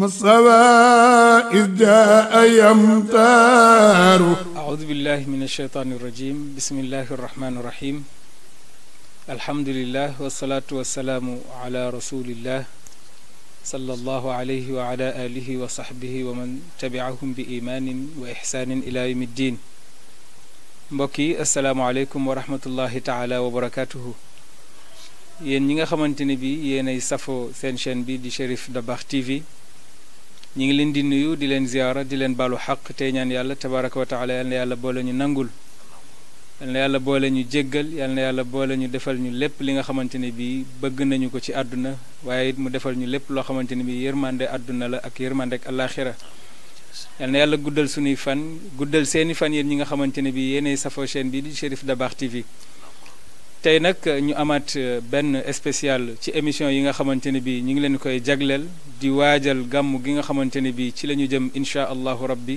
مصطفى إذ جاء يمتار أعوذ بالله من الشيطان الرجيم بسم الله الرحمن الرحيم الحمد لله والصلاة والسلام على رسول الله صلى الله عليه وعلى آله وصحبه ومن تبعهم بإيمان وإحسان إلى يوم الدين mbokki asalaamaaleykum wa rahmatullahi taala wa barakatuhu yéen ñi nga xamante ne bi yéenay safo seen chaîne bi di Cherif Dabakh TV ñi ngi leen di nuyu di leen ziyaara di leen baalu xaq tey ñaan yàlla tabaraka wa yàlla yal na yàlla boole ñu nangul yal na yàlla ñu jéggal yal na yàlla boole ñu defal ñu lépp li nga xamante ne bii bëgg nañu ko ci àdduna waaye it mu defal ñu lépp loo xamante ne bii yërmande àdduna la ak yërmande ak àllaaxira yal na yàlla guddal suñuy fan guddal seeni fan yéen ñi nga xamante ne bii yéenay safoo chaîne bi di Cherif Dabakh TV tey nag euh, ñu amaat euh, benn spécial ci émission yi nga xamante ne bi ñu ngi leen koy jagleel di waajal gàmm gi nga xamante ne bi ci la ñu jëm incha allahu rabbi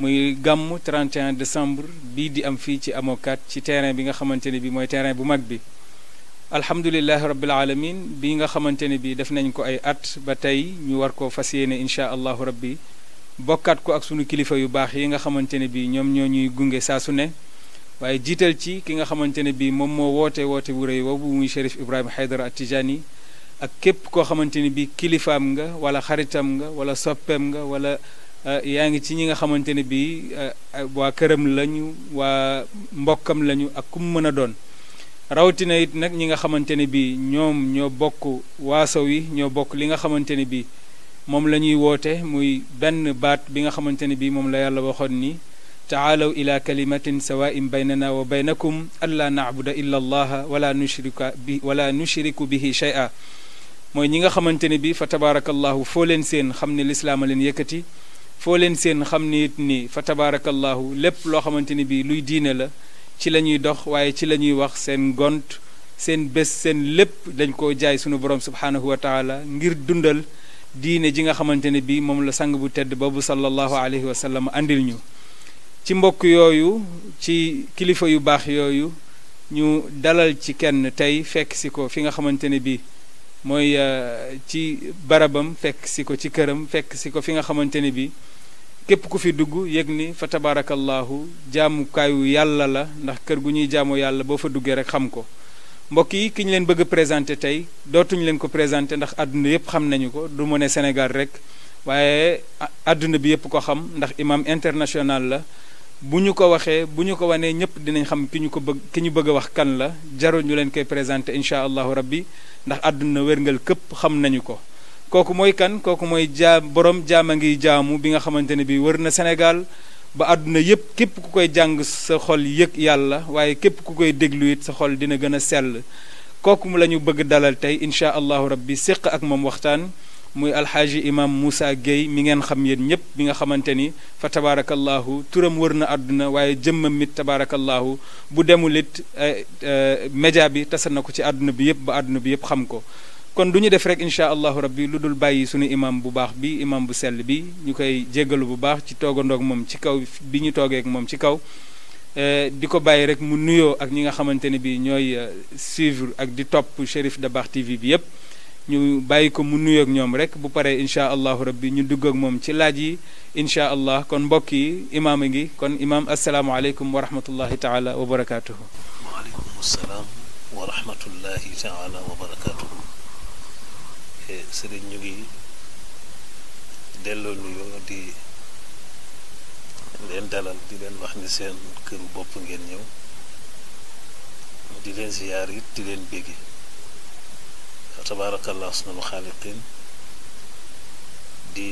muy gàmm 31 décembre bii di am fii ci amokat ci terrain bi nga xamante ne bi mooy terrain bu mag bi alhamdulilahi rabbil alamin bi nga xamante ne bi def nañ ko ay at ba tey ñu war koo fas yéene incha allahu rabbi bokkat ko ak sunu kilifa yu baax yi nga xamante ne bi ñoom ñoo ñuy gunge saa su ne waaye jiital ci ki nga xamante ne bii moom moo woote woote bu rëy boobu muy Chérif Ibrahima Haydara Atijani ak képp koo xamante ni bii kilifaam nga wala xaritam nga wala soppeem nga wala euh, yaa ngi ci ñi nga xamante ne bii euh, waa këram lañu waa mbokkam lañu ak kum mën a doon rawatina it nag ñi nga xamante ne bii ñoom ñoo bokk waaso wi ñoo bokk li nga xamante ne bii moom la ñuy woote muy benn baat bi nga xamante ne bii moom la yàlla waxoon nii taalaw ila kalimatin sawain baynana wa baynakum alla naabuda illa allaha wala nushrika bi wala nushriku bihi shay'a mooy ñi nga xamante ne bi fa tabaarakallahu foo leen seen xam ne lislaama leen yëkkati foo leen seen xam ne it ni fa tabaarakallahu lépp loo xamante ne bi luy diine la ci la ñuy dox waaye ci la ñuy wax seen gont seen bés seen lépp dañ koo jaay sunu borom subhaanahu wa taala ngir dundal diine ji nga xamante ne bi moom la sang bu tedd boobu sallallahu alayhi wa sallam andil ñu ci mbokk yooyu ci kilifa yu baax yooyu ñu dalal ci kenn tey fekk si ko fi nga xamante ne bii mooy euh, ci barabam fekk si ko ci këram fekk si ko fi nga xamante ne bii képp ku fi dugg yëg ni fa tabaarakallaahu jaamukaayu yàlla la ndax kër gu ñuy jaamoo yàlla boo fa duggee rek xam ko mbokk yi ki ñu leen bëgg a présenté tey dootuñu leen ko présenté ndax àdduna yëpp xam nañu ko du mu Sénégal rek waaye àdduna bi yëpp ko xam ndax imam international la bu ñu ko waxee bu ñu ko wanee ñëpp dinañ xam ki ñu ko bëgg ki ñu bëgg a wax kan la jarul ñu leen koy présenté incha allahu rabbi ndax àdduna wérngal këpp xam nañu ko kooku mooy kan kooku mooy jaam borom jaam a ngi jaamu bi nga xamante ne bii wër na Sénégal ba àdduna yépp képp ku koy jàng sa xol yëg yàlla waaye képp ku koy déglu it sa xol dina gën a sell kooku mu la ñu bëgg dalal tey incha allahu rabbi séq ak moom waxtaan muy alxaaji imam Moussa Gueye mi ngeen xam yéen ñëpp bi nga xamante ni fa tabaarakallahu turam wër na àdduna waaye jëmmam it tabaarakallahu bu demul it eh, eh, média bi tasal na ko ci àdduna bi yëpp ba àdduna bi yëpp xam ko kon du ñu def rek incha allahu rabbi lu dul bàyyi suñu imam bu baax bi imam bu sell bi ñu koy jéggalu bu baax ci toogandoog moom ci kaw bi ñu toogeek moom ci kaw eh, di ko bàyyi rek mu nuyoo ak ñi nga xamante ne bi ñooy suivre ak di topp Cherif Dabakh TV bi yëpp ñu bàyyi ko mu nuyoog ñoom rek bu paree incha allahu rabbi ñu dugg ak moom ci laaj yi incha allah kon mbokk yi imaam a ngi kon imaam asalaamaaleykum wa rahmatullahi taala wa barakaatuhu. salaam wa rahmatullahi taala wa eh, ñu ngi delloo nuyoo di leen dalal di leen wax ni seen këru bopp ngeen ñëw di leen ziyaar it di leen bégge fa tabaarakallah asnal di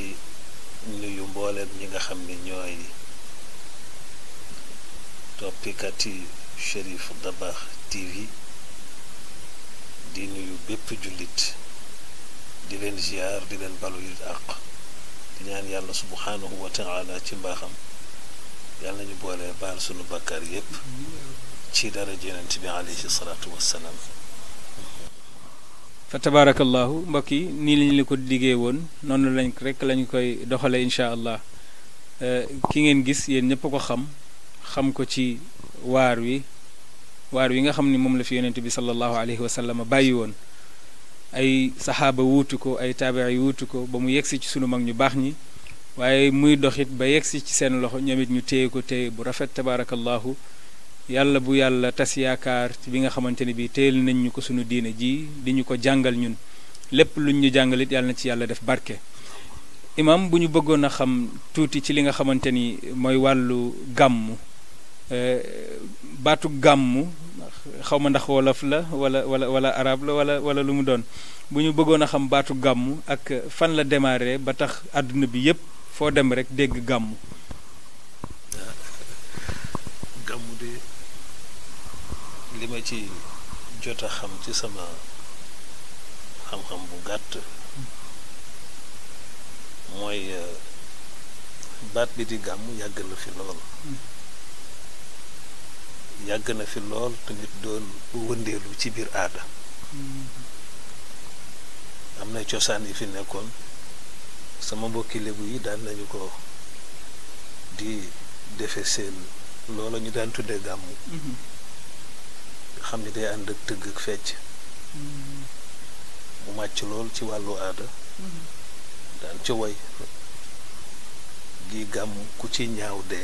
nuyu mbooleem ñi nga xam ne ñooy toppikati Chérif Dabakh TV di nuyu bépp jullit di leen ziar di leen balu it àq di ñaan yàlla subhaanahu wa taala ci mbaaxam yàlla nañu boole baal sunu bakkaar yépp ci dara jenant bi alayhi salaatu wassalaam fa tabaarakallaahu mbokk yi nii lañu li ko liggéey woon noonu lañ rek lañ koy doxale incha allah euh, ki ngeen gis yéen ñëpp ko xam xam ko ci waar wi waar wi nga xam ni moom la fi yonent bi sallallahu alayhi wa sallam bàyyi woon ay saxaaba wuutu ko ay taabi'i wuutu ko ba mu yegsi ci sunu mag ñu baax ñi waaye muy doxit ba yegsi ci seen loxo ñoom ñu téye ko téye bu rafet tabaarakallaahu yàlla bu yàlla tas yaakaar bi nga xamante ne bii téel nañ ñu ko suñu diine ji di ñu ko jàngal ñun lépp lu ñu jàngalit yàlla na ci yàlla def barke imam bu ñu bëggoon a xam tuuti ci li nga xamante ni mooy wàllu gàmm euh, baatu gàmmu xaw ma ndax wolof la wala wala wala arab la wala wala lu mu doon bu ñu bëggoon a xam baatu gàmmu ak fan la démarré ba tax àdduna bi yépp foo dem rek dégg gàmmu li ma ci jot a xam ci sama xam-xam bu gàtt mooy euh, baat bi di gàmmu yàgg na fi lool yàgg na fi lool tamit doon wëndeelu ci biir aada am na cosaan yi fi nekkoon sama mbokki lébu yi daan nañu ko di defe seen loola ñu daan tudde gàmmu xam ni day ànd ak tëgg ak fecc mm-hmm. mu màcc lool ci wàllu aada mm-hmm. daan ci woy gi gàmmu ku ci ñaaw de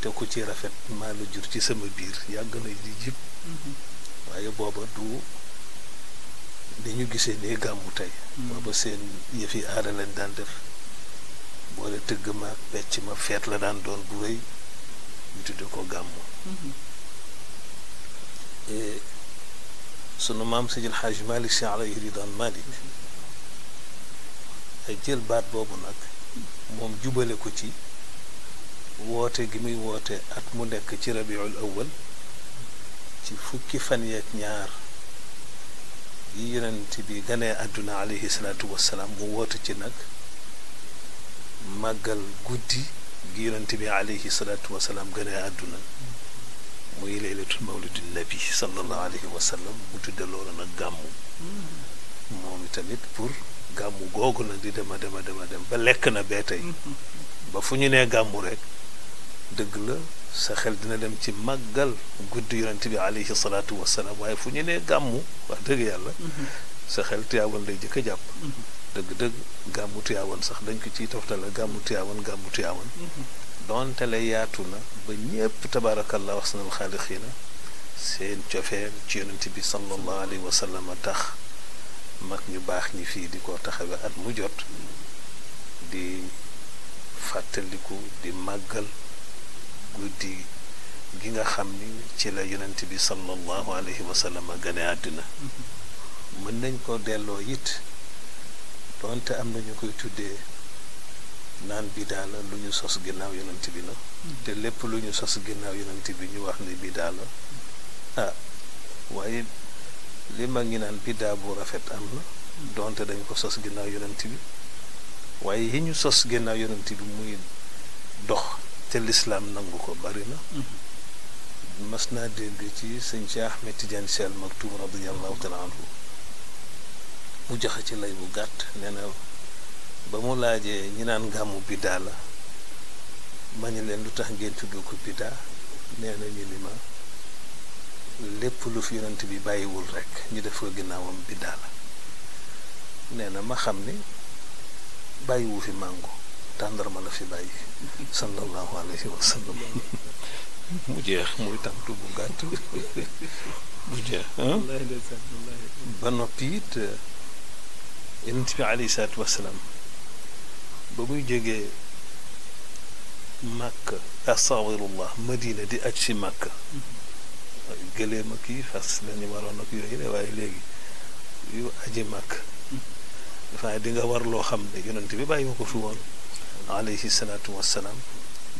te ku ci rafet maa la jur ci sama biir yàgg na di jib mm-hmm. waaye booba du li ñu gisee nii gàmmu tey booba seen yëfi aada lañ daan def boole tëgg ma pecc ma feet la daan doon bu rëy ñu tudde ko gàmmu sunu maam Seydil Hadj Malick Sy alayhi ridwan Malick jël baat boobu nag moom jubale ko ci woote gi muy woote at mu nekk ci rabiul awal ci fukki fan yeeg ñaar yi yonent bi ganee àdduna alayhi salaatu mu woote ci nag màggal guddi gi yonent bi alayhi salaatu wassalaam ganee àdduna muy laylatul mawlidin nabi sallallahu alayhi wa sallam mu tudde loolu nag gàmmu moom tamit pour gàmmu googu nag di dema dema dema dem ba lekk na bee tey ba fu ñu nee gàmmu rek dëgg la sa xel dina dem ci màggal guddi yonent bi alayhi salaatu wasalaam waaye fu ñu nee gàmmu wax dëgg yàlla sa xel tuyaawoon day jëkk jàpp dëgg dëgg gàmmu tuyaawoon sax dañ ko ciy toftale gàmmu tuyaawoon gàmmu tuyaawoon donte la yaatu na ba ñépp tabaarakallah wax sanal xaalixiina seen cofeel ci yonent bi sallallahu alayhi wa tax mag ñu baax ñi fii di ko taxawe at mu jot di fàttaliku di màggal guddi gi nga xam ni ci la yonent bi sallallahu alayhi wa gane àddina mm-hmm. mën nañ koo delloo it donte am na ñu koy tuddee naan bidaa la lu ñu sos ginnaaw yonent bi la hmm. te lépp lu ñu sos ginnaaw yonent bi ñu wax ni bidaa la hmm. ah, waaye li mag ñi naan bidaa bu rafet am na hmm. donte dañ ko sos ginnaaw yonent bi waaye yi ñu sos ginnaaw yonent bi muy dox te lislaam nangu ko bari na mas naa dégg ci sëñ ci Ahmed Tidiane Sy Al Maktoum radiyallahu taala mu joxe ci lay bu gàtt ba mu laajee ñi naan gàmmu biddaa la ma ñu leen lu tax ngeen tudd ko biddaa nee na ñu ni ma lépp lu fi yonent bi bàyyiwul rekk ñu def ko ginnaawam biddaa la nee na ma xam ni bàyyiwu fi màngo tàndarma la fi bàyyi sallallahu alayhi wa jeex muy tàntu bu gàtt mu ah? ba noppi it yonent bi alayhi salaatu wasalaam ba muy jógee màkk astafirullah madina di aj ci màkk gëléem ak yi fas lañu waroon ak yooyu de waaye léegi yu aji màkk dafa di nga war loo xam ne yonent bi bàyyi ma ko fi woon alayhi wassalaam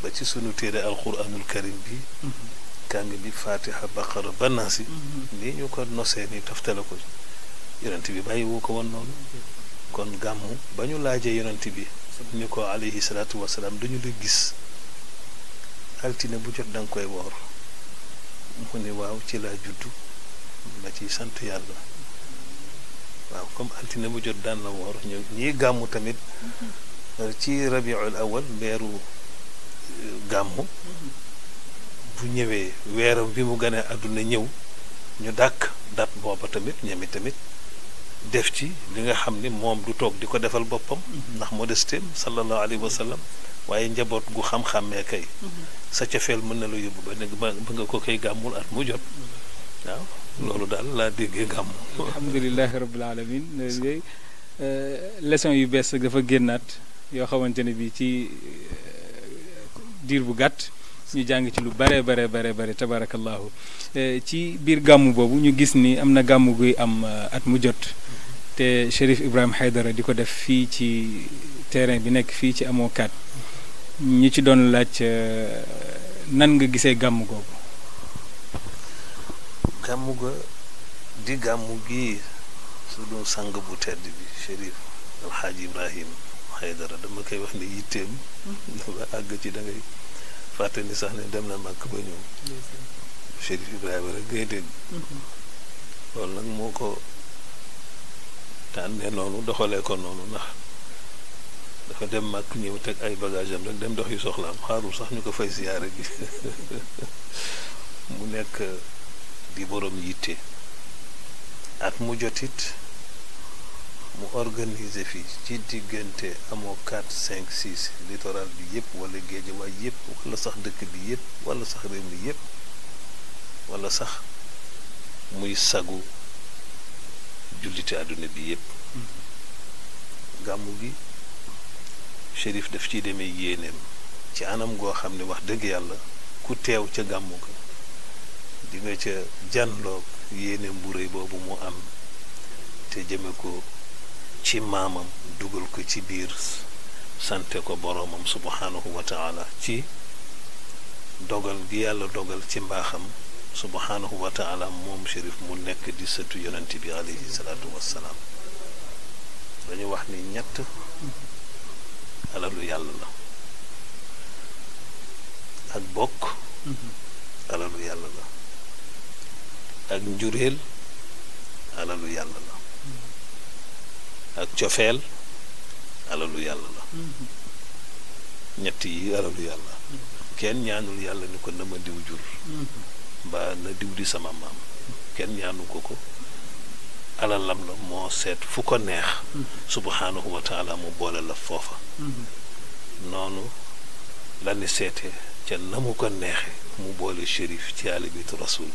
ba ci sunu téere alquranul karim bi kàng bi fatiha baqara ba ñu ko nosee ni toftale ko yonent bi bàyyi woo ko woon noonu kon gàmmu ba ñu laajee yonent bi ñu ko alayhi salaatu wasalaam dañu la gis altine bu jot danga koy woor mu ne waaw ci laa juddu ma ciy sant yàlla waaw comme altine bu jot daan la woor ñëw gàmmu tamit ci rabiul awal weeru gàmmu bu ñëwee weeram bi mu gane àdduna ñëw ñu dàkk dat booba tamit ñoom tamit def ci li nga xam ni moom du toog di ko defal boppam mm-hmm. ndax modestem sallallahu alayhi wa sallam waaye njaboot gu xam-xàmmee kay mm-hmm. sa cofeel mën na la yóbbu ba nekk ba nga ko koy gàmmul at mu jot mm-hmm. waaw loolu daal laa déggee gàmm alhamdulilahi rabbil alamin euh, leçon yu bees dafa génnaat yoo xamante ne bi ci euh, diir bu gàtt ñu jàng ci lu bare bare bare bare tabarakallahu eh, ci biir gàmm boobu ñu gis ni am na gàmm guy am eh, at mu jot te Chérif Ibrahima Haydara di ko def fii ci terrain bi nekk fii ci amoo kaat ñu ci doon laaj eh, nan nga gisee gàmm googu gàmm ga di gàmm gi suñu sang bu tedd bi Chérif Alxaaji Ibrahima Haydara dama koy wax ne yitteem mm-hmm. dafa àgg ci da fàtte ni sax ne dem na màkk ba ñëw Chérif Ibrahima rek ngay dégg mhm. nag moo ko tànnee noonu doxalee ko noonu ndax dafa dem màkk ñëw teg ay bagage rek dem dox yu am xaarul sax ñu ko fay siyaare gi mu nekk di borom yitte at mu jotit mu organiser fii ci diggante amoo 4 5 6 littoral bi yëpp wala géejawaay yëpp wala sax dëkk bi yëpp walla sax réew yëpp wala sax muy sagu jullite àdduna bi yëpp mm-hmm. gàmmu gi shérif daf ci demee yéeneem ci anam goo xam ne wax dëgg yàlla ku teew ca gàmmu ga di nga ca jànloog yéeneem bu réy boobu mu am te jëme ko ci maamam dugal ko ci biir sante ko boroomam subhaanahu wa ci dogal gi yàlla dogal ci mbaaxam subhaanahu wa taala moom shérif mu nekk di satu yonent bi aleyhi salaatu wassalaam dañu wax ni ñett alalu yàlla la ak bokk alalu yàlla la ak njureel alalu yàlla la ak cofeel alalu yàlla la mm-hmm. ñett yi alalu yàlla mm-hmm. kenn ñaanul yàlla ni ko na ma diw jur mm-hmm. mbaa na diw di sama maam kenn ñaanu ko ko alalam la moo seet fu ko neex subhaanahu wa mu boole la foofa noonu la ni seete ca na mu ko neexe mu boole shérif ci alibitu rasul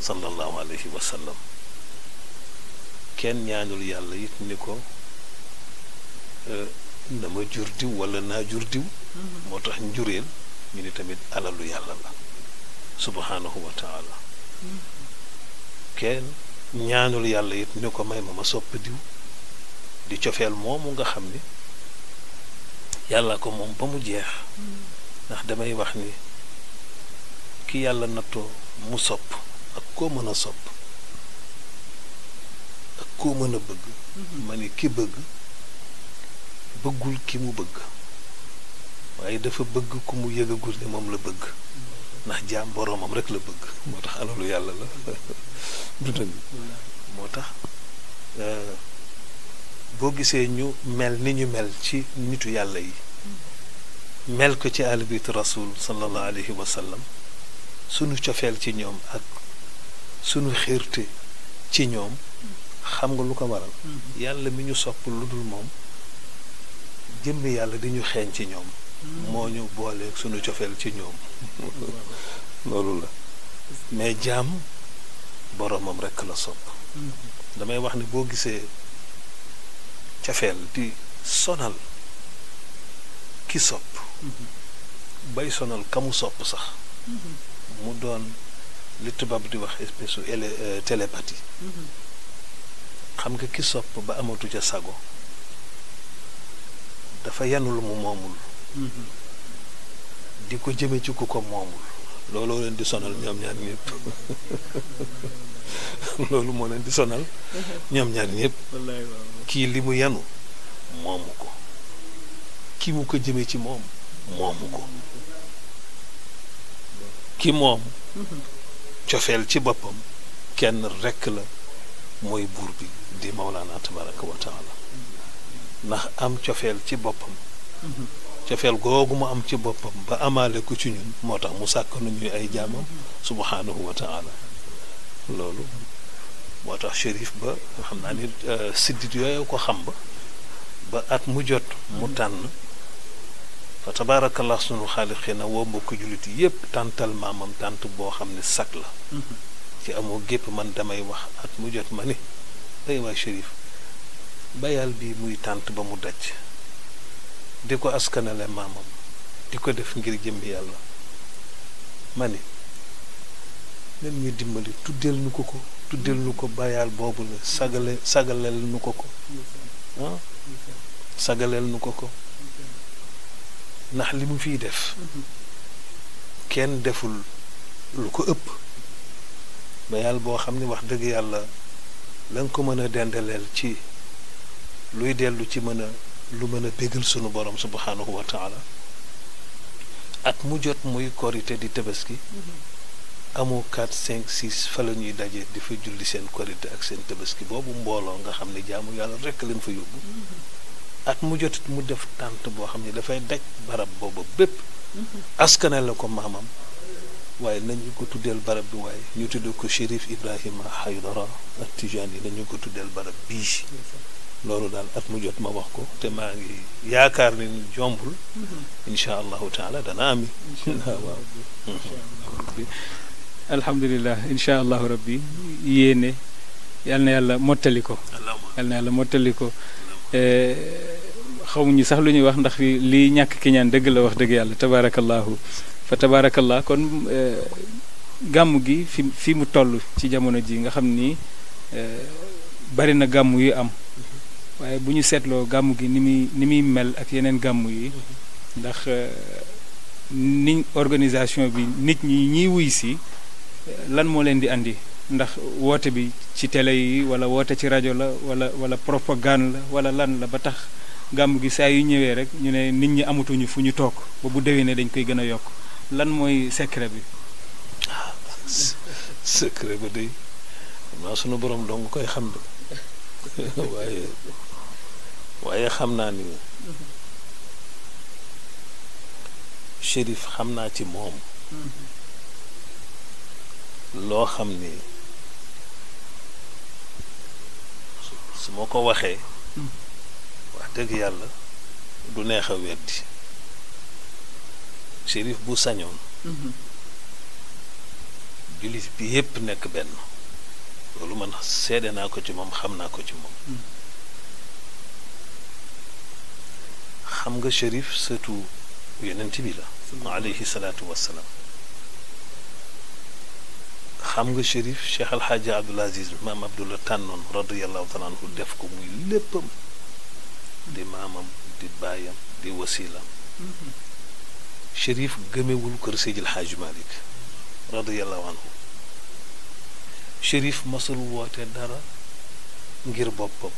sallallahu alayhi wa sallam kenn ñaanul yàlla it ni ko dama euh, jur diw wala naa jur diw mm-hmm. moo tax njureel ñu ni tamit alalu yàlla la subhanahu wa mm-hmm. kenn ñaanul yàlla it ni ko may ma ma sopp diw di cofeel moomu nga xam ni yàlla ko moom ba mu jeex mm-hmm. ndax damay wax ni ki yàlla nattoo mu sopp ak koo mën a sopp ak koo mën a bëgg ma ni ki bëgg bëggul ki mu bëgg waaye dafa bëgg ku mu yëgagul ne moom la bëgg ndax jaam boroomam rek la bëgg moo tax alalu yàlla la du dëgg moo tax euh, boo gisee ñu mel ni ñu mel ci nitu yàlla yi mel ko ci àll biit rasul sallallahu alayhi wa sallam sunu cofeel ci ñoom ak sunu xiirte ci ñoom xam nga lu ko waral mm-hmm. yàlla mi ñu sopp lu dul moom jëmmi yàlla di ñu xeeñ ci ñoom moo ñu booleeg suñu cofeel ci ñoom loolu la mais jaam boromam rekk la sopp damay wax ni boo gisee cofeel di sonal ki sopp bay sonal kamu sopp sax mu doon li tubaab di wax espèce u euh, télépathie mm-hmm. xam nga ki sopp ba amatu ca sago dafa yanu lu mu moomul mm-hmm. di ko jëme ci ku ko moomul looloo leen di sonal ñoom ñaar ñëpp loolu di sonal ñoom ñaar ñëpp kii li mu yanu moomu ko ki mu ko jëmee ci moom moomu ko ki moom mm-hmm. cofeel ci boppam kenn rekk la mooy buur bi di Mawlaana tabaraka wa taala ndax am cofeel ci boppam mhm. cofeel googu mu am ci boppam ba amaale ko ci ñun moo tax mu sàkk nañuy ay jaamam subhanahu wa loolu moo tax shérif ba xam naa ni euh, siddit yooyu ko xam ba ba at mu jot mu mhm. tànn fa tabaarakallah sunu xaaliqina woo mbokk jullit yépp tàntal maamam tànt boo xam ne sag la mhm. ci amoo gépp man damay wax at mu jot ma ni ay waa shérif bayal bii muy tànt ba mu daj di ko askanale maamam di ko def ngir jëmbi yàlla mani ni nen ñu dimbali tuddeel nu ko ko tuddeel nu ko bayal boobu la sagale sagaleel nu ko ko ah sagaleel nu ko ko ndax li mu fiy def kenn deful lu ko ëpp bayal boo xam ne wax dëgg yàlla la ko mën a dendaleel ci luy dellu ci mën a lu mën a bégal sunu borom subhanahu wa taala at mu jot muy korite di tabaski amoo 4 5 6 fa la ñuy daje di fa julli seen korite ak seen tabaski boobu mbooloo nga xam ne jaamu yàlla rekk leen fa yóbbu mm-hmm. at mu jot mu def tànt boo xam ne dafay daj barab booba bépp mm-hmm. askane la ko maamam waaye nañu ko tuddeel barab bi waaye ñu tudd ko Chérif Ibrahima Haydara ak Tijaan yi nañu ko tuddeel barab bii loolu daal at mu jot ma wax ko te maa ngi yaakaar ni jombul mm-hmm. incha allahu taala dana ami waaw alhamdulilah mm-hmm. incha rabbi yéene yal na yàlla mottali ko yal mottali ko eh, xamuñu sax lu ñuy wax ndax lii ñàkk ki ñaan dëgg la wax dëgg yàlla tabaarakallahu fa tabaarakallah kon eh, gàmm gi fi fi mu toll ci jamono ji nga xam ni eh, bari na gàmm yu am waaye bu ñu seetloo gàmm gi ni muy ni muy mel ak yeneen gàmm yi ndax euh, ni organisation bi nit ñi ñiy wuy si lan moo leen di andi ndax woote bi ci télé yi wala woote ci rajo la wala wala propagande la wala lan la ba tax gàmm gi saa yu ñëwee rek ñu ne nit ñi amatuñu fu ñu toog ba bu déwee ne dañ koy gën a yokk lan mooy secret bi secret ba day maa sunu borom dong koy xam de waaye waaye xam naa ni Chérif xam naa ci moom loo xam ni su ma ko waxee wax dëgg yàlla du neex a weddi Chérif bu sañoon jullit bi yépp nekk benn loolu man seede naa ko ci moom xam naa ko ci moom xam nga Cherif sëtu yonent bi la alayhi xam nga Cherif Cheikh Alxaaji Abdul Aziz maam Abdullah tànnoon radiallahu taala def ko muy léppam di maamam di baayam di wasiilam Cherif gëmewul kër Seydil Xaaji Malik radiallahu anhu Cherif masul woote dara ngir boppam.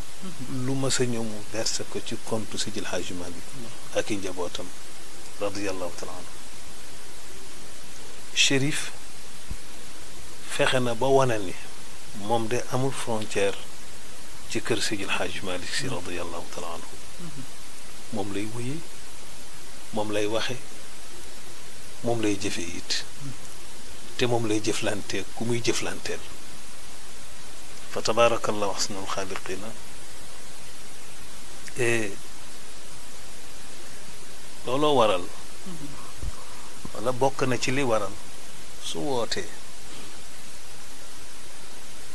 lu ma sa ñëw mu verse ko ci compte si jël Hajji ak i njabootam radiyallahu taala anhu fexe na ba wane ni moom de amul frontière ci kër Seydil Hadj Malick si radiyallahu taala moom lay wuyee moom lay waxe moom lay jëfe it te moom lay jëflantee ku muy jëflanteel fa tabaarakallahu ahsanul xaaliqiina looloo waral wala bokk na ci li waral su wootee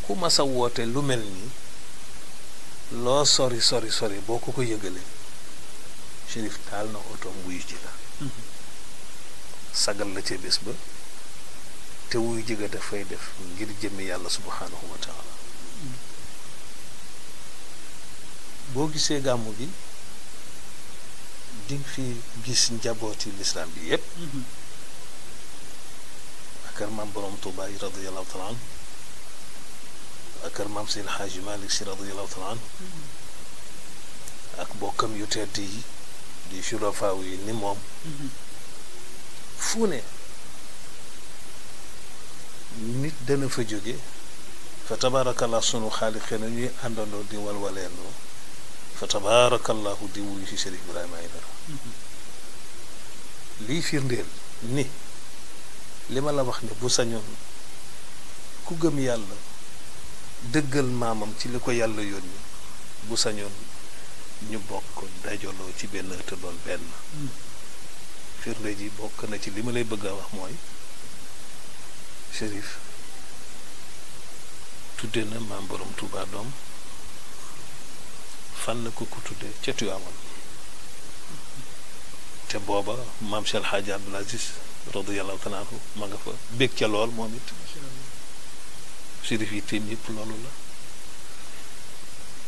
ku masa woote lu mel nii loo sori sori sori boo ko ko yëgalee Chérif taal na otoom wuyu ji la sagal la ca bés ba te wuyu ji dafay def ngir jëmmi yàlla subhaanahu wa boo gisee gàmmu bi di fi gis njabooti lislaam bi yépp mm-hmm. ak kër maam borom Tuubaa yi radiyallahu taala anhu ak kër maam Seydi Haaji Malik Si radiyallahu taala anhu mm-hmm. ak bokkam yu tedd yi di xulafaaw yi ni moom mm-hmm. fu nit dana fa jóge fa la sunu xaalis xëy na ñuy àndandoo di walwaleendoo fa tabaarakallahu di wuyu si Cherif Ibrahima Aïdara lii firndeel ni li ma la wax ne bu sañoon ku gëm yàlla dëggal maamam ci li ko yàlla yoon yónni bu sañoon ñu bokk dajaloo ci benn ëtt benn firnde ji bokk na ci li ma lay bëgg a wax mooy Cherif tudde na maam borom Touba doom fan la ko ko tuddee ca te booba maam Cheikh El Hadj Abdoul Aziz radiyallahu taala anhu ma nga fa bég ca lool moom it sérif yi tiim yëpp loolu la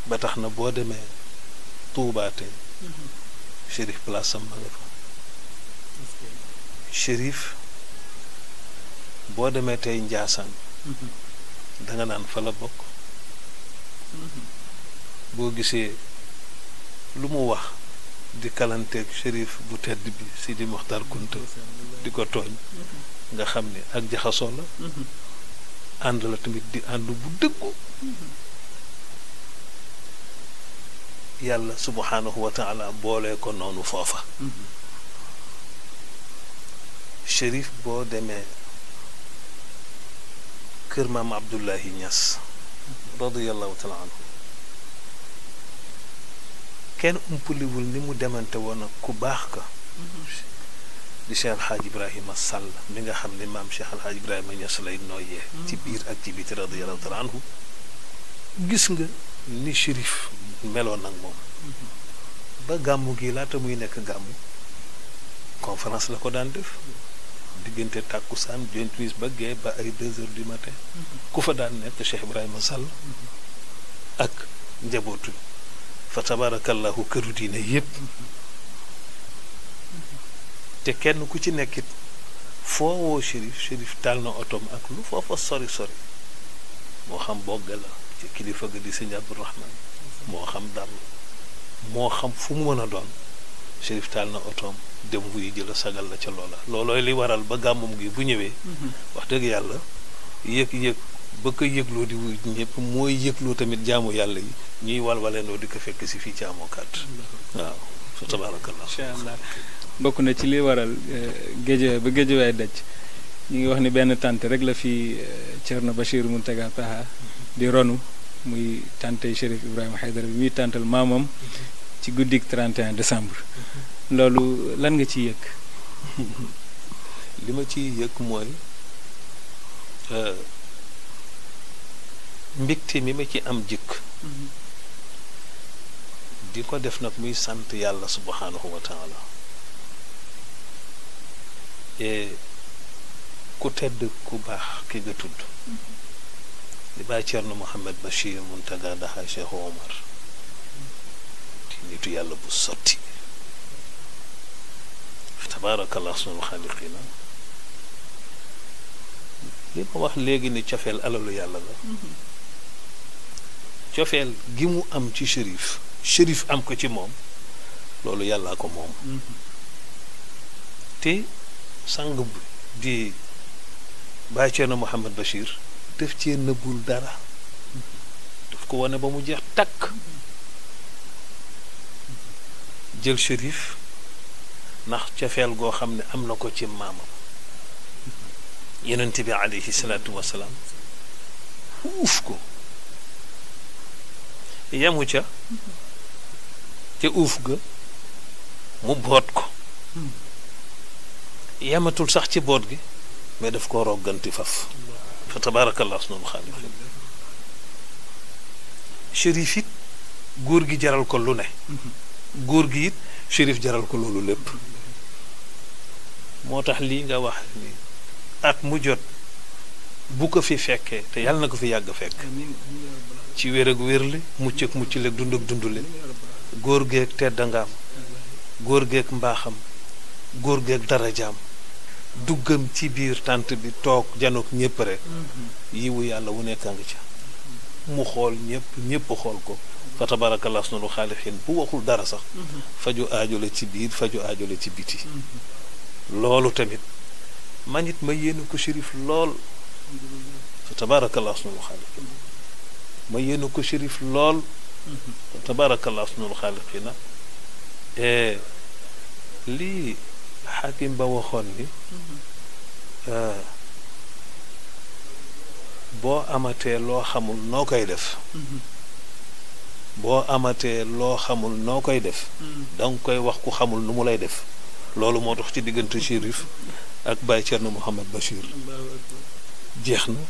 ba tax na boo demee tuubaate shérif place am ma nga fa shérif boo demee tey njaasaan mhm. danga naan fa la bokk mhm. boo gisee lu mu wax di kalanteeg shérif bu tedd bi Sidi Mokhtar Kunta di ko tooñ nga xam ne ak jaxasoo la mm-hmm. ànd la tamit di ànd bu dëggu mm-hmm. yàlla subhaanahu wa taala boolee ko noonu foofa shérif mm-hmm. boo demee kër maam Abdullahi ñas radiyallahu taala anhu kenn umpaliwul ni mu demante woon ak ku baax ka di Cheikh Alhaaj Ibrahima Sall mi nga xam ne maam Cheikh Alhaaj Ibrahima Niass lay nooyee ci biir ak ci biti radiyallahu taala anhu gis nga ni shérif meloon ak moom ba gàmmu gi laata muy nekk gàmmu conférence la ko daan def diggante tàkkusaan jontuis ba gee ba ay deux heures du matin ku fa daan nekk Cheikh Ibrahima Sall ak njabootu fa tabarakallahu këru diine yépp te kenn ku ci nekkit foo woo shérif shérif taal na otom ak lu foofa sori sori moo xam bogg la ci kilifa ga di sëñ Abdourahman moo xam dal moo xam fu mu mën a doon shérif taal na otoom dem wuy jëla sagal la ca loola loolooy li waral ba gàmmum gi bu ñëwee mm-hmm. wax dëgg yàlla yëg yëg ba ko yëgloo di wuy ñëpp mooy yëgloo tamit jaamu yàlla yi ñuy walwalendoo di ko fekk si fii jaamoo kàtt waaw su tabaarakallah bokk na ci li waral eh, géej ba géejewaay daj ñu ngi wax ni benn tante rek la fi Thierno eh, Bachir Mountaga Taha di ronu muy tante Chérif Ibrahima Haydara bi muy tantal maamam ci guddik 31 décembre loolu lan nga ci yëg li ma ciy yëg mooy eh, mbégte mi ma ci am jëkk mhm. di ko def nag muy sant yàlla subhanahu wa e ku tedd ku baax ki nga tudd mhm. di bàyyi Cerno Mouhamed Bachir Muntaga Daha Cheikh Omar di nitu yàlla bu sotti tabaarakallah sunu xaaliqina li ma wax léegi ni cofeel alalu yàlla la mhm. cofeel gi mu am ci shérif shérif am ko ci moom loolu yàllaa ko moom te sang di bàyyi ceerno Mouhamed Bachir def cee nëbbul dara daf ko wane ba mu jeex takk jël shérif ndax cofeel goo xam ne am na ko ci maamam yeneen bi aleyhi salaatu wasalaam uuf ko yemu ca ca uuf ga mu boot ko yematul sax ci boot gi mais daf koo rogganti faf fa tabaarakallah sunul shérif it góor gi jaral ko lu ne góor gi it shérif jaral ko loolu lépp moo tax lii nga wax ni at mu jot bu ko fi fekkee te yàlla na ko fi yàgg fekk ci wér ak wér li mucc ak mucc leeg dund ak dund li góor geeg teddangaam góor geeg mbaaxam góor geeg darajaam duggam ci biir tànt bi toog janoog ñépp rek yiwu yàlla wu nekk a ngi ca mu xool ñépp ñépp xool ko fa tabarakallah sunu xaalixin bu waxul dara sax faju aajo la ci biir faju aajo la ci biti loolu tamit man it ma yéene ko shérif lool fa ma yéene ko shérif lool tabarakallah sunul xaaliqina eh, lii xakim ba waxoon ni eh, boo amatee loo xamul noo koy def boo amatee loo xamul noo koy def danga koy wax ku xamul nu mu lay def loolu moo tax ci diggante shérif ak Baye Thierno Mouhamed Bachir jeex na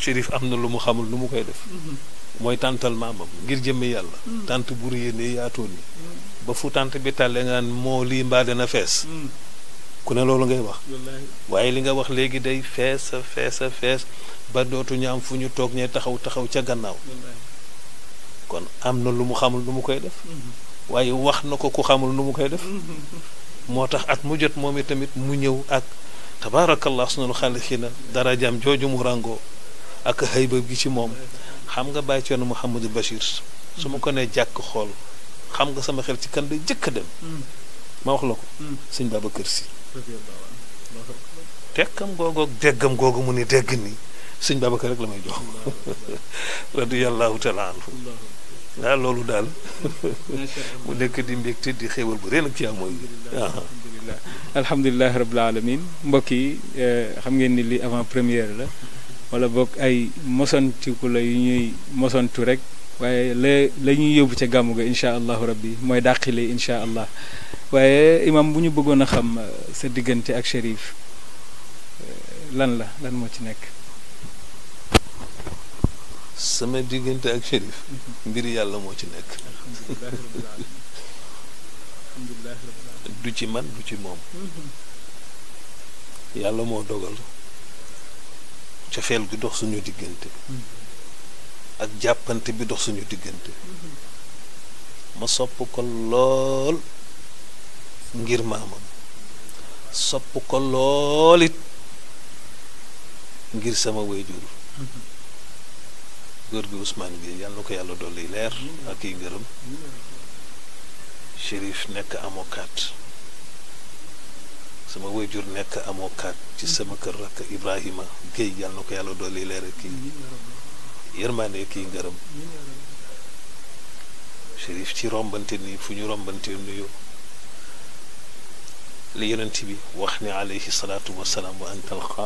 Chérif am na lu mu xamul nu mu koy def mm-hmm. mooy tàntal maamam ngir jëmme yàlla mm-hmm. tant bur yéene yaatoon ni mm-hmm. ba fu tant bi tàllee nga moo lii mbaa dana fees ku ne loolu ngay wax waaye li nga wax léegi day fees a fees a fees ba dootuñu am fu ñu toog ñee taxaw taxaw ca gannaaw kon am na lu mu xamul nu mu koy def waaye wax na ko ku xamul nu mu koy def moo tax at mu jot moom itamit mu ñëw ak tabaarakallah sunul na dara jam jooju mu ràngoo ak xëyba gi ci moom xam nga bàyyi Thierno Mouhamadou Bachir su ma mm. ko nee jàkk xool xam nga sama xel ci kan la jëkk a dem mm. ma wax la ko mm. sëñ Babacar Sy tekkam googoog deggam googu mu ni dégg ni sëñ Babacar rek la may jox radiyallahu taala anhu waaw ah, loolu daal mu nekk di mbégte di xéewal bu reen ak ci mooy alhamdulilah ah. alhamdulilah rabbil alamin mbokk yi eh, xam ngeen nit li avant première la wala boog ay mosantiku la yu ñuy mosantu rek waaye la la ñuy yóbbu ca gàmmu ga incha allahu rabbi mooy dàqile incha allah waaye imam bu ñu bëggoon a xam euh, sa diggante ak Chérif euh, lan la lan moo ci nekk. sama diggante ak Chérif. mbir yàlla moo ci nekk. du ci man du ci moom. yàlla moo dogal. cofeel gi dox suñu diggante ak jàppante bi dox suñu diggante ma sopp ko lool ngir maamam sopp ko lool it ngir sama wayjur góor gi Ousmane gi yàlla ko yàlla dolli leer ak i ngërëm Chérif nekk amokaat sama wejur nekk amoo kaat ci sama kër rakk Ibrahima Guèye yàlla na ko yàlla doole leeral kii yërmaande kii ngërëm Chérif ci rombante nii fu ñu rombante nuyu li yonent bi wax ne alayhi salaatu wasalaam wa an talqa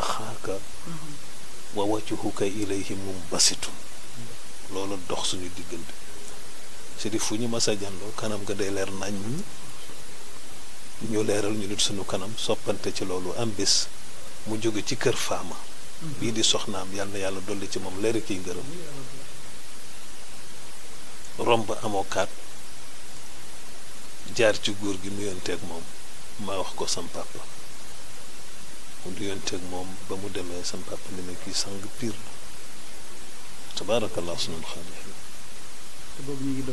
axaaka wa wajhuka ilayhi mumbasitun loolu dox suñu diggante Chérif fu ñu mas a jàndoo kanam nga day leer nañ ñu leeral ñu nit suñu kanam soppante ci loolu am bis mu jóge ci kër faama mhm. bii di soxnaam yàlla yàlla dolli ci moom leeri kiy ngërëm romb amookaat jaar ci góor gi nuyonteeg moom maa wax ko sam papa mu nuyonteeg moom ba mu demee sam papa ni ma kii sang piir la tabaarakallah sunul xaalihin te boobu ñu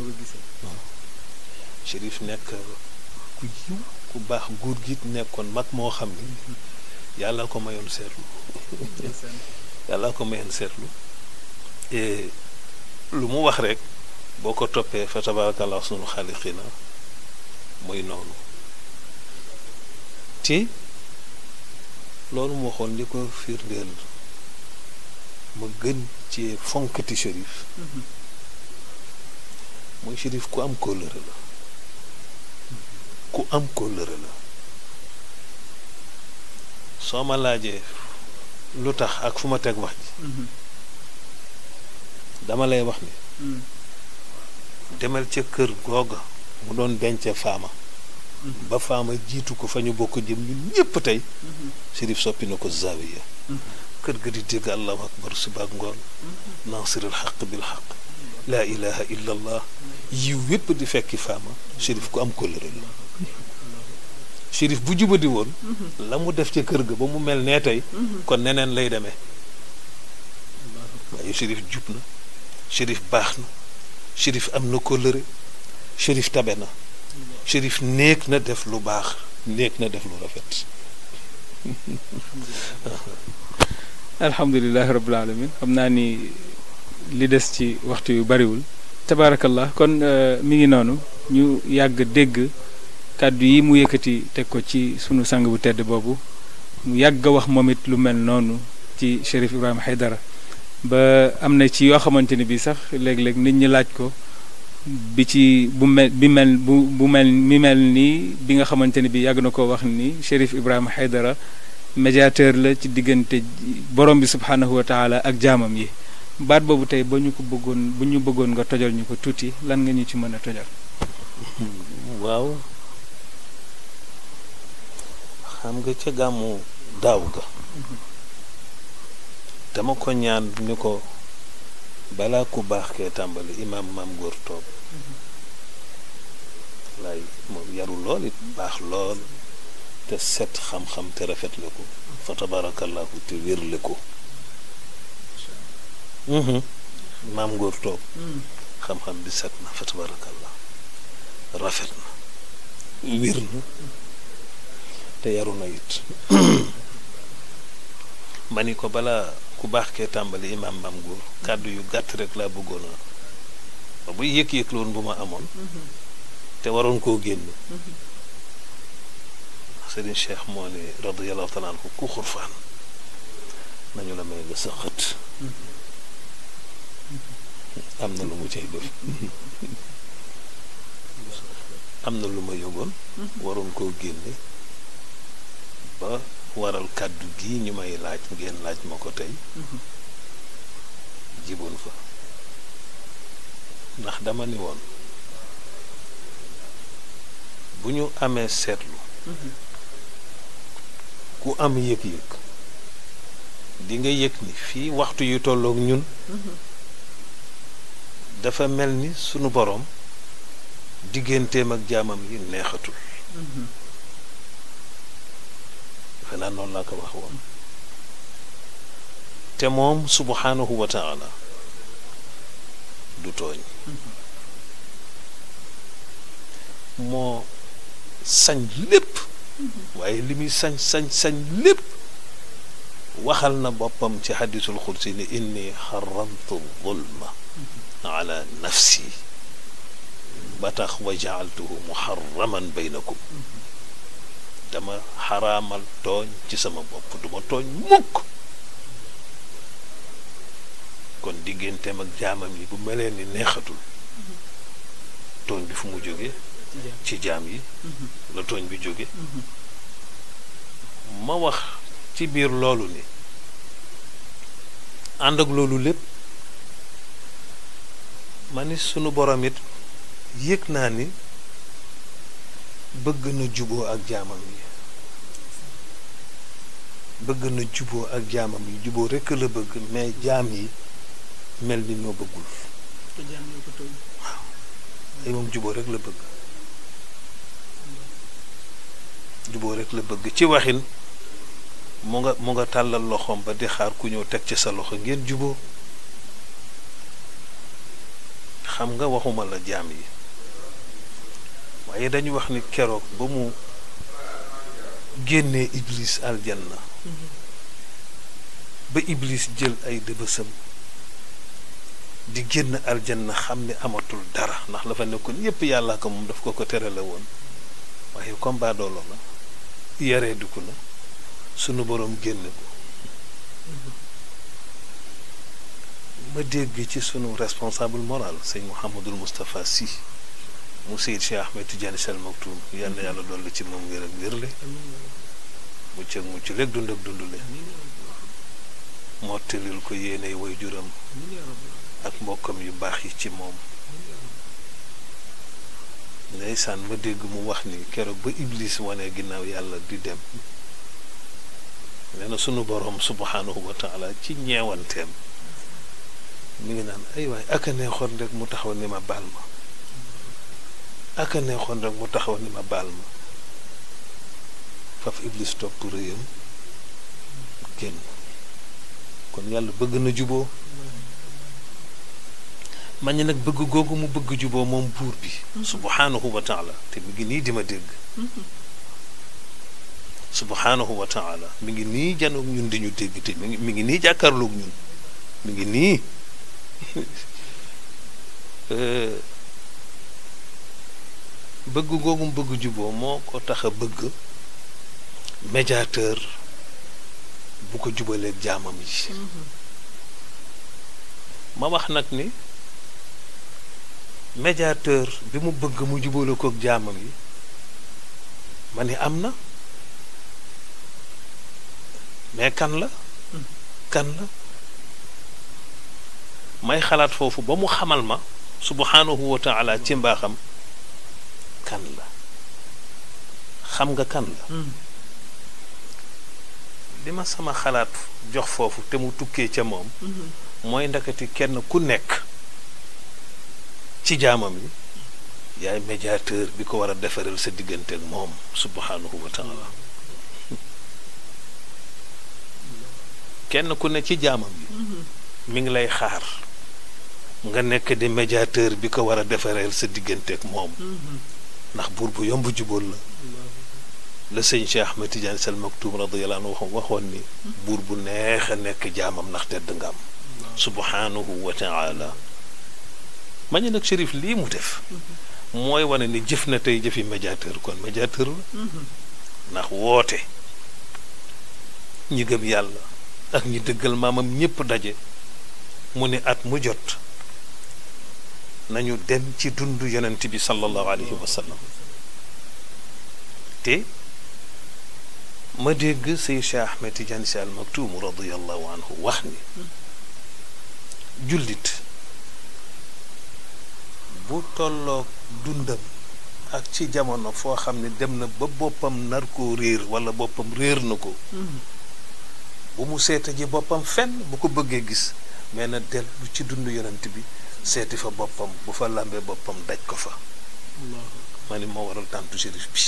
nekk bu baax guur gi nekkoon mag moo xam ni yàlla ko mayoon seetlu yàlla ko mayoon seetlu lu mu wax rekk boo ko toppee fa tabarakallah sunu na mooy noonu te loolu mu waxoon li ko firndeel ma gën ci fonkati shérif mm-hmm. mooy shérif ku am kóllëre la ku am kóllëre la soo ma laajee lu tax ak fu ma teg wax ji mhm. dama lay wax ni mhm. demal ca kër googa mu doon dencee faama mhm. ba faama jiitu ko fa ñu bokk jëm ñun ñépp tey Chérif soppi na ko zawiya kër ga di dégg allahu akbar suba ak ngoon naasiril xaq bil xaq laa ilaha illa yiw yépp di fekki faama Chérif ku am kóllëre la shérif bu jubadi woon la mu def ca kër ga ba mu mel nee tey kon neneen lay deme waaye shérif jub na shérif baax na shérif am na kóllëre shérif tabe na shérif néeg na def lu baax néeg na def lu rafet alhamdulilahi rabbil alamin xam naa ni li des ci waxtu yu bariwul tabaarakallah kon euh, mi ngi noonu ñu yàgg dégg kàddu yi mu yëkkati teg ko ci sunu sang bu tedd boobu mu yàgg a wax moom it lu mel noonu ci Chérif Ibrahima Aïdara ba am na ci yoo xamante ni bi sax léeg-léeg nit ñi laaj ko bi ci bu mel bi mel bu bu mel mi mel nii bi nga xamante ni bi yàgg na ko wax ni Chérif Ibrahima Aïdara médiateur la ci diggante borom bi subhaanahu wa taala ak jaamam yi baat boobu tey ba ñu ko bëggoon bu ñu bëggoon nga tojal ñu ko tuuti lan nga ñu ci mën a tojal xam nga ca gàmmu daaw ga dama ko ñaan ni ko balaa ku baax kee tàmbali imaam maam góor lay moom yaru lool it baax lool te set xam-xam te rafet la ko fa tabarakallahu te wér la ko mhm. maam ngóor mm. xam-xam bi set na fa tabarakallahu rafet na wér na te yaruna it ma ni ko balaa ku baax kee tàmbali imaam maam góor kàddu yu gàtt rek laa bëggoon a bu yëg-yëg loon bu ma amoon mm-hmm. te waroon koo génn mm-hmm. Serigne Cheikh moo ne radiyallahu taala anhu ku xurfaan nañu la may nga sa xët mm-hmm. am na lu mu cay def am na lu ma yógoon waroon koo génne ba waral kàddu gi ñu may laaj ngeen laaj ma ko tey mhm. jiboon fa ndax dama ni woon bu ñu amee seetlu mhm. ku am yëg-yëg di nga yëg ni fii waxtu yu tollook ñun mhm. dafa mel ni sunu boroom digganteem ak jaamam yi neexatul defe naa noonu laa ko wax woon te moom subhanahu wa taala du tooñ moo sañ lépp waaye li muy sañ sañ sañ lépp waxal na boppam ci xadisul xursi ni inni xaramtu zulma ala nafsi ba tax wa jaaltuhu muharraman baynakum dama xaraamal tooñ ci sama bopp duma tooñ mukk kon digganteem ak jaamam yi bu melee ni neexatul tooñ bi fu mu jóge ci jaam yi la tooñ bi jóge ma wax ci biir loolu ni ànd ak loolu lépp ma ni sunu boromit it yëg naa ni bëgg na juboo ak jaamam yi bëgg na juboo ak jaamam yi juboo rekk la bëgg mais jaam yi mel ni ñoo bëggul waaw day moom juboo rekk la bëgg juboo rekk la bëgg ci waxin mu nga mu nga tàllal loxoom ba di xaar ku ñëw teg ci sa loxo ngeen jubo xam nga waxuma la jaam yi waaye dañu wax ni keroog ba mu génnee iblis aljanna ba iblis jël ay dëbësam di génn aljanna xam ne amatul dara ndax la fa nekkoon yépp yàllaa ko moom daf ko ko terale woon waaye comme baadoolo la yaree dugg la sunu boroom génn ko ma dégg ci sunu responsable moral sëñ Mouhamadul Moustapha Sy mu Seydi Cheikh Ahmed Tidiane Sall Maktoum yal na yàlla dolli ci moom wér ak wérle mucc ak mucc leeg dund ak dundule mottalil ko yéene way juram ak mbokkam yu baax yi ci moom ndeysaan ma dégg mu wax ni keroog ba Iblis wane ginnaaw yàlla di dem nee sunu boroom subhaanahu wa ci ñeewanteem mu ngi naan ay waay aka neexoon rek mu taxaw ni ma baal ma aka neexoon rek mu taxaw ni ma baal ma faf iblis topp réyam génn kon yàlla bëgg na juboo man ñi nag bëgg googu mu bëgg juboo moom buur bi mm-hmm. subhanahu wa taala te mi ngi nii di ma dégg mm-hmm. subhanahu wa taala mi ngi nii janoog ñun di ñu dégg te mi ngi mi ngi nii jàkkaarloog ñun mi ngi nii eh, bëgg googum bëgg juboo moo ko tax a bëgg médiateur bu ko jubalee jaamam yi mm-hmm. ma wax nag ni médiateur bi mu bëgg mu jubale kook jaamam yi ma ni am na mais kan la kan la may xalaat foofu ba mu xamal ma subhanahu woo taala ci mbaaxam kan xam nga kan la hmm. li ma sama xalaat jox foofu te mu tukkee ca moom hmm. mooy ndakati kenn ku nekk ci jaamam yi yaay médiateur bi ko war a defareel sa diggante moom subhanahu kenn ku ne ci jaamam bi hmm. ngi lay xaar nga nekk di médiateur bi ko war a defaral sa diggante ak moom ndax buur bu yomb jubóol la la sëñ Cheikh Ahmed Tidiane Sall Maktoum radiyallahu anhu waxoon ni buur bu neex a nekk jaamam ndax tedd nga am subhanahu wa taala ma ñu shérif lii mu def mooy wane ni jëf na tey jëfi médiateur kon médiateur la mhm. ndax woote ñi gëm yàlla ak ñi dëggal maamam ñépp daje mu ni at mu jot nañu dem ci dund yonent bi sallallahu alayhi wa te ma dégg say Cheikh Ahmed Tidiane Sy Al Maktoum radiyallahu anhu wax ni jullit bu tolloog dundam ak ci jamono foo xam ne dem na ba boppam nar koo réer wala boppam réer na ko mhm. bu mu seeta ji boppam fenn bu ko bëggee gis mais na dellu ci dund yonent bi seeti fa boppam bu fa làmbee boppam daj ko fa ma ni moo waral tàntu shérif bi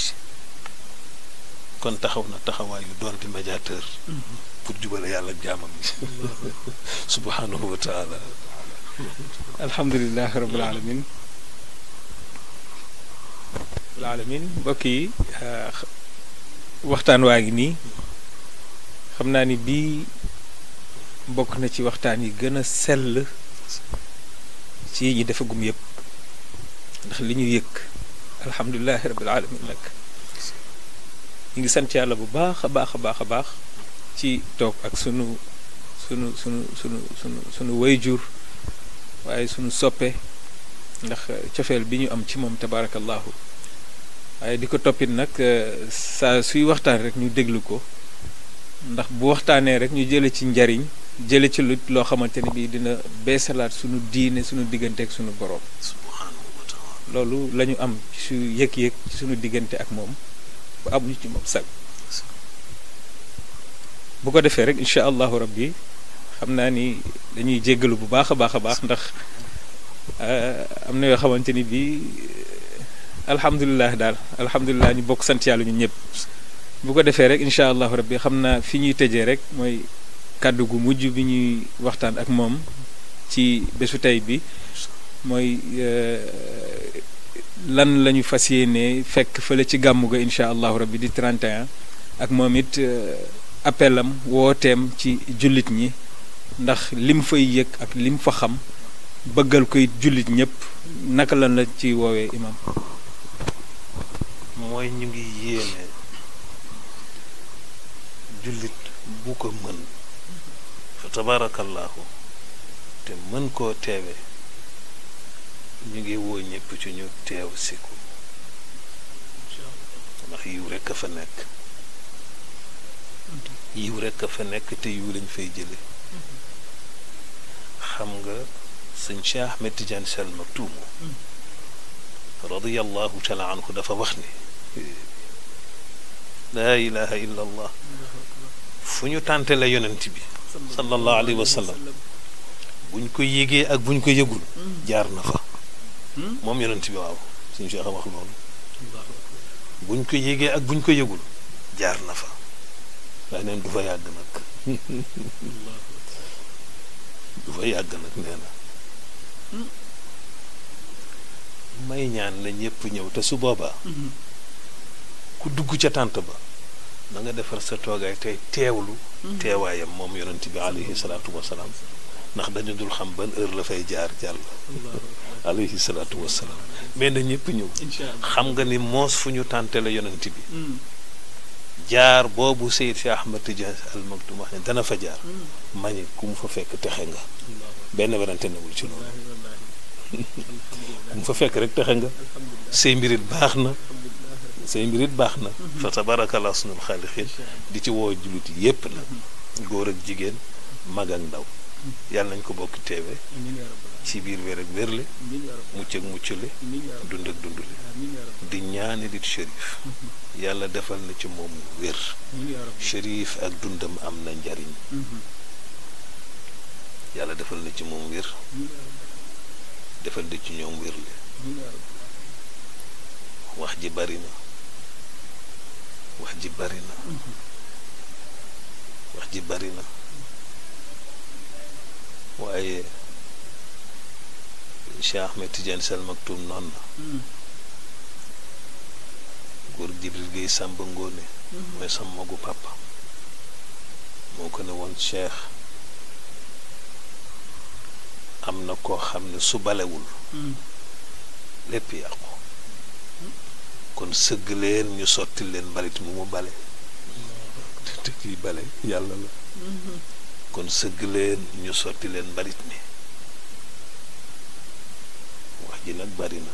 kon taxaw na taxawaayu doon di médiateur mhm. pour jubale yàlla jaamam yi subhaanahu wa taala alhamdulilah rabbil alamin mbokk yi ah, waxtaan waa ngi nii xam naa ni bii bokk na ci waxtaan yi gën a sell ci yi ñi defagum yëpp ndax li ñu yëg alhamdulilahi rabbil alamin nag ñu ngi sant yàlla bu baax a baax a baax a baax ci toog ak sunu sunu sunu sunu sunu sunu jur waaye sunu soppe ndax cofeel bi ñu am ci moom tabarakallahu waaye di ko toppit nag eh, saa suy waxtaan rek ñu déglu ko ndax bu waxtaanee rek ñu jële ci njariñ jële ci lu loo xamante ne bii dina beesalaat suñu diine suñu diggante ak suñu borom loolu lañu am ci su yëg-yëg ci suñu diggante ak moom ba amuñu ci bu ko defee rek incha allahu rabbi xam naa ni dañuy jéggalu bu baax a baax a baax ndax eh, am na yoo xamante ni bii eh, alhamdulilah daal alhamdulilah ñu bokk sant yàlla ñun ñëpp bu ko defee rek incha allahu rabbi xam naa fi ñuy tëjee rek mooy kàddu gu mujj bi ñuy waxtaan ak moom ci bésu tey bi mooy euh, lan la ñu fas yéene fekk fële ci gàmmu ga incha allahu bi di 31 ak moom it euh, appelam wooteem ci jullit ñi ndax lim fay yëg ak lim fa xam bëggal koy jullit ñëpp naka lan la ci woowee imam mooy ñu ngi yéene jullit bu ko mën fa tabaarakallaahu te mën koo teewe ñu ngi woo ñépp ci ñu teew si ko ndax yiw rekk a fa nekk yiw rekk a fa nekk te yiw lañ fay jële xam nga sëñ Cheikh Ahmed Tidiane Sall Maktoum radiyallahu taala anhu dafa wax ni laa ilaha illa allah fu ñu tànte la yonent bi sallallahu alayhi wa sallam buñ ko yégee ak buñ ko yëgul jaar na fa moom yonent bi waaw suñu Cheikh a wax loolu buñ ko yégee ak buñ ko yëgul jaar na fa ndax neen du fa yàgg nag du fa yàgg nag nee may ñaan la ñëpp ñëw te su boobaa ku dugg ca tànt ba na nga defar sa toogaay tey teewlu mhm. teewaayam moom yonent bi alayhi salaatu wasalaam ndax dañu dul xam ban heure la fay jaar jàll alayhi salaatu wasalaam mais na ñëpp ñëw xam nga ni moos fu ñu tànte la yonent bi mm. jaar boobu Seyd si Ahmad Tijaan al wax ne dana fa jaar mm. ma ni fa fekk texe nga benn werante newul ci loolu ku fa fekk rek texe nga say mbirit baax na say mbir baax na fa tabarakala sunul xaaliqin di ci woo julit yépp na góor ak jigéen mag ak ndaw yàlla nañ ko bokk teewe ci biir wér ak wérle mucc ak muccule dund ak dundule di ñaani nit shérif yàlla defal na ci moom wér shérif ak dund am na njariñ mhm. yàlla defal na ci moom wér defal na ci ñoom wérle wax ji bari na wax ji bari na wax ji bari na waaye Cheikh Ahmed Tidiane Sall Maktoum noonu na hmm. góor Jibril Gueye Samba Ngóone hmm. mooy sama magu papa moo ko ne woon Cheikh am na koo xam ne subalewul balewul hmm. lépp yàqu kon sëgg leen ñu sotti leen mbarit mu mu bale te kii bale yàlla la kon sëgg leen ñu sotti leen mbalit mi wax ji nag bari na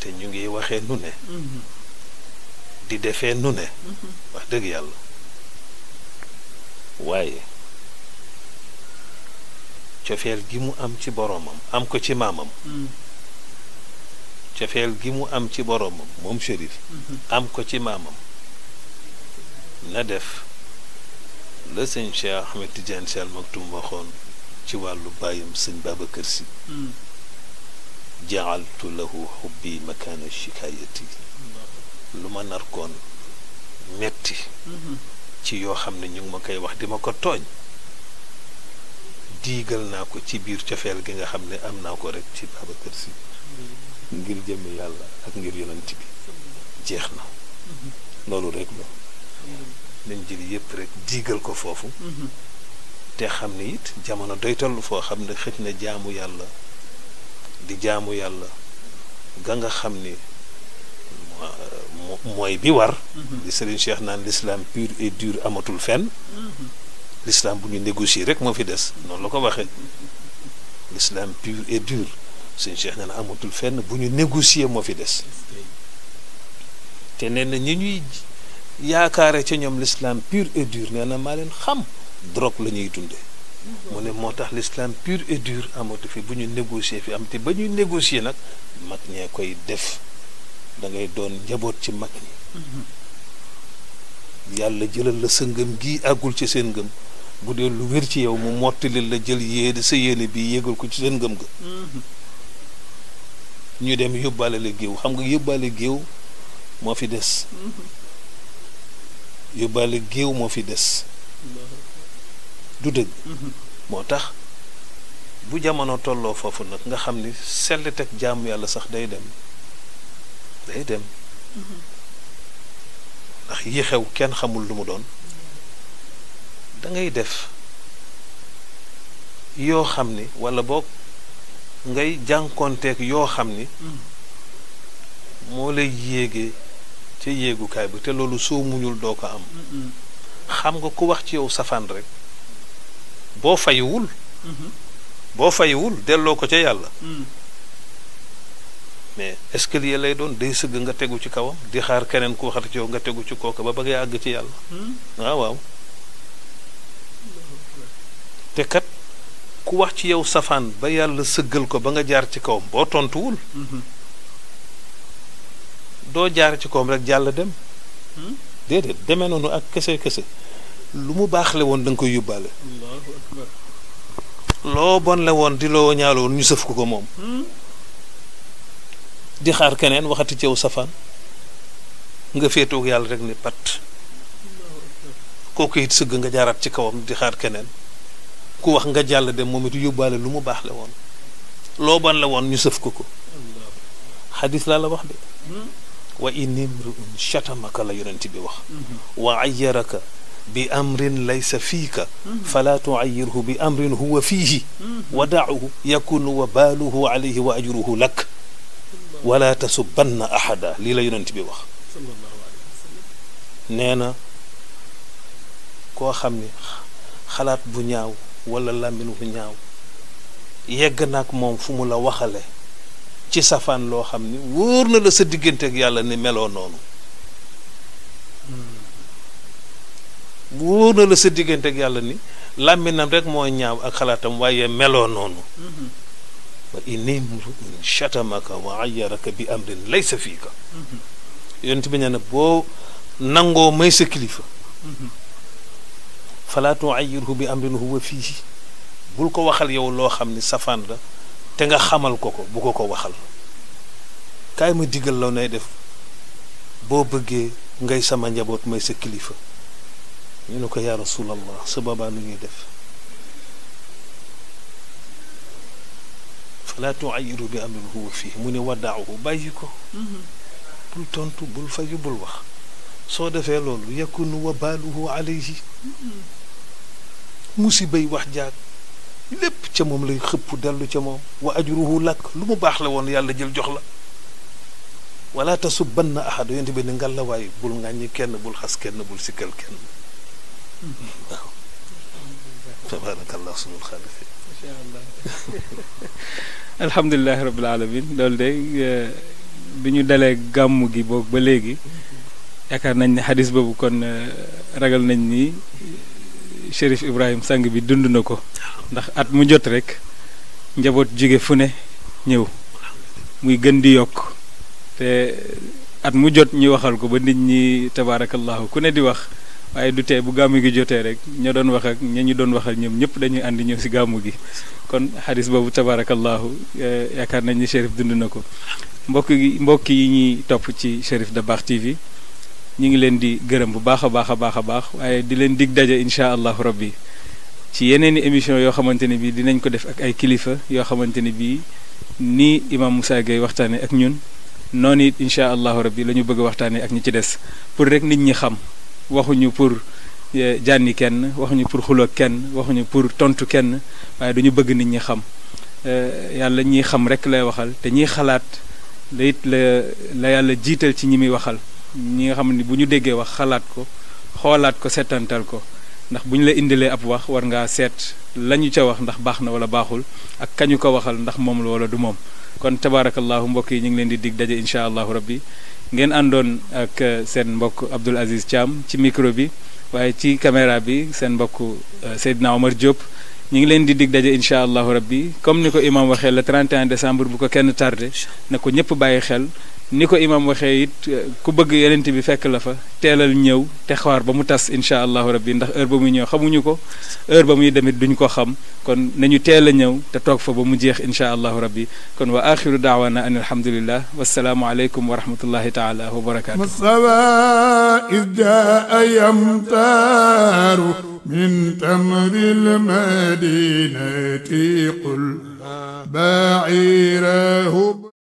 te ñu ngi waxee nu ne di defee nu ne wax dëgg yàlla waaye cofeel gi mu am ci boroomam am ko ci maamam cofeel gi mu am ci boroomam moom Chérif mhm. am ko ci maamam na def la sëñ Cheikh Ahmed Tidiane ci wàllu bàyyam sëñ Babacar Sy hmm. jaaltu lahu xubbi makaana shikaayati hmm. lu ma narkoon metti hmm. ci yoo xam ne ñu ngi ma koy wax di ma ko tooñ diigal naa ko ci biir cofeel gi nga xam ne am naa ko rekk ci Babacar Sy ngir jëmmi yàlla ak ngir yonent bi jeex na loolu rek la nañ jël yëpp rek diigal ko foofu te xam ni it jamono doy toll foo xam ne xëj na jaamu yàlla di jaamu yàlla ga nga xam ni mooy bi war mhm. li Serigne Cheikh naan l'islam pur et dur amatul fenn mhm. l'islam bu ñu négocier rek moo fi des noonu la ko waxee mhm. l'islam pur et dur suñu cheikh nee amatul fenn bu ñu négocier moo fi des te nee ñi ñuy yaakaare ca ñoom l'islam pur et dur nee maa leen xam drogue la ñuy dunde mu ne moo tax l'islam pur et dur amatu fi bu ñu négocier fi am te ba ñuy négocier nag mag ñee koy def dangay doon njaboot ci mag ñi yàlla jëlal la sa ngëm gii àggul ci seen ngëm bu dee lu wér ci yow mu mottali la jël yéene sa yéene bi yéegal ko ci seen ngëm ga ñu dem yóbbaale la géew xam nga yóbbaale géew moo fi des mm-hmm. yóbbaale géew moo fi des du dëgg mm-hmm. moo tax bu jamono tolloo foofu nag nga xam ni sellit ak jaamu yàlla sax day dem day dem mm-hmm. ndax yi xew kenn xamul lu mu doon dangay def yoo xam ni walla boog ngay jànkonteeg yoo xam ni hmm. moo lay yéege ca yéegukaay bi te loolu soo muñul doo ko am hmm, hmm. xam nga ku wax ci yow safaan rek boo fayiwul boo fayiwul delloo ko ca yàlla mais est-ce lay doon day sëgg nga tegu ci kawam di xaar keneen ku waxati ci yow nga tegu ci kooka ba bëgg a àgg ci yàlla ah, waaw waaw te kat ku wax ci yow safaan ba yàlla sëggal ko ba nga jaar ci kawam boo tontuwul doo jaar ci kawam rek jàll dem déedéet demee noonu ak kese kese lu mu baax le woon danga koy yóbbaale loo bon la woon di loo ñaal ñu sëf ko ko moom hmm? di xaar keneen waxati ci yow safaan nga féetoog yàlla rek ne pat kooku it sëgg nga jaaraat ci kawam di xaar keneen ku wax nga jàll dem moom it yóbbaale lu mu baax la woon loo ban la woon ñu sëf ko ko xadis laa la wax de wa in imruun chatamaka la yonent bi wax wa ayaraka bi amrin laysa fiika fala tuayirhu bi amrin huwa fiihi wa daahu wa baaluhu wa ajruhu lak wala tasubanna ahada lii la yonent bi wax nee na koo xam ne xalaat bu wala làmmiñ wu ñaaw yegg nag moom fu mu la waxale ci safaan loo xam ni wóor na la sa diggante yàlla ni meloo noonu hmm. wóor na la sa diggante yàlla ni làmminam rek moo ñaaw ak xalaatam waaye meloo noonu hmm. wa inimruun chatamaka wa ayaraka bi amrin laysa fiika hmm. yonent bi nee na boo nangoo may sa kilifa ay tuayirhu bi am amrin huwa fii bul ko waxal yow loo xam ni safaan la te nga xamal ko ko bu ko ko waxal kaay ma digal la nay def boo bëggee ngay sama njaboot may sa kilifa ñu ne ko yaa rasulallah sa boobaa nu ñuy def ay tuayiru bi amrin huwa fii mu ne waddaahu bàyyi ko mhm. bul tontu bul fayu bul wax soo defee loolu yakunu wa baaluhu alayhi mhm. musibay wax jaag lépp ca moom lay xëpp dellu ca moom wa ajruhu lakk lu mu baax la woon yàlla jël jox la wala tasubanna ahad yonent bi ni ngal la waay bul ŋàññi kenn bul xas kenn bul sikkal kenn waaw tabaarakallah sunul xaalifi alhamdulilahi alamin loolu de eh, bi ñu dalee gàmmu gi boog ba léegi yaakaar nañ ne xadis boobu kon eh, ragal nañ nii Chérif Ibrahim sang bi dund na ko ndax at mu jot rek njaboot jóge fu ne ñëw muy gën di yokk te at mu jot ñu waxal ko ba nit ñi tabaarakallahu ku ne di wax waaye du tee bu gàmmu gi jotee rek ña doon wax ak ña ñu doon waxal ñoom ñëpp dañuy àndi ñëw si gàmmu gi kon xadis boobu tabaarakallahu eh, yaakaar nañ ni Chérif dund na ko mbokk yi mbokk yi ñuy topp ci Chérif Dabakh TV ñu ngi leen di gërëm bu baax a baax a baax a baax waaye di leen dig daje incha allahu rabbi ci yeneen i émission yoo xamante ne bii dinañ ko def ak ay kilifa yoo xamante ne bii nii imam Moussa Gueye waxtaanee ak ñun noonu it incha allahu rabbi la ñu bëgg a waxtaanee ak ñu ci des pour rek nit ñi xam waxuñu pour. Eh, jànni kenn waxuñu pour xuloo kenn waxuñu pour tontu kenn waaye duñu bëgg nit ñi xam eh, yàlla ñiy xam rek lay waxal te ñiy xalaat la it la la yàlla jiital ci ñi muy waxal ñi nga xam ne bu ñu déggee wax xalaat ko xoolaat ko setantal ko ndax bu ñu la indilee ab wax war ngaa seet la ñu ca wax ndax baax na wala baaxul ak kañu ko waxal ndax moom la wala du moom kon tabaarakallahu mbokk yi ñu ngi leen di digg daje incha allahu rabbi ngeen àndoon ak euh, seen mbokk Abdoul Aziz Thiam ci micro bi waaye ci caméra bi seen mbokk euh, Seydina Omar Diop ñu ngi leen di dig daje incha allahu rabbi comme ni ko imam waxee le 31 décembre bu ko kenn tardé na ko ñëpp bàyyi xel ni ko imaam waxee it eh, ku bëgg yonent bi fekk la fa teelal ñëw te xaar ba mu tas incha allahu rabbi ndax heure ba muy ñëw xamuñu ko heure ba muy demit duñ ko xam kon nañu teel a ñëw te toog fa ba mu jeex incha allahu rabbi kon wa axiru daawana an alhamdulillah wasalaamu aleykum wa rahmatullahi taala wa barakaatu sawa ida yamtaaru min tamri lmadinati qul bairahu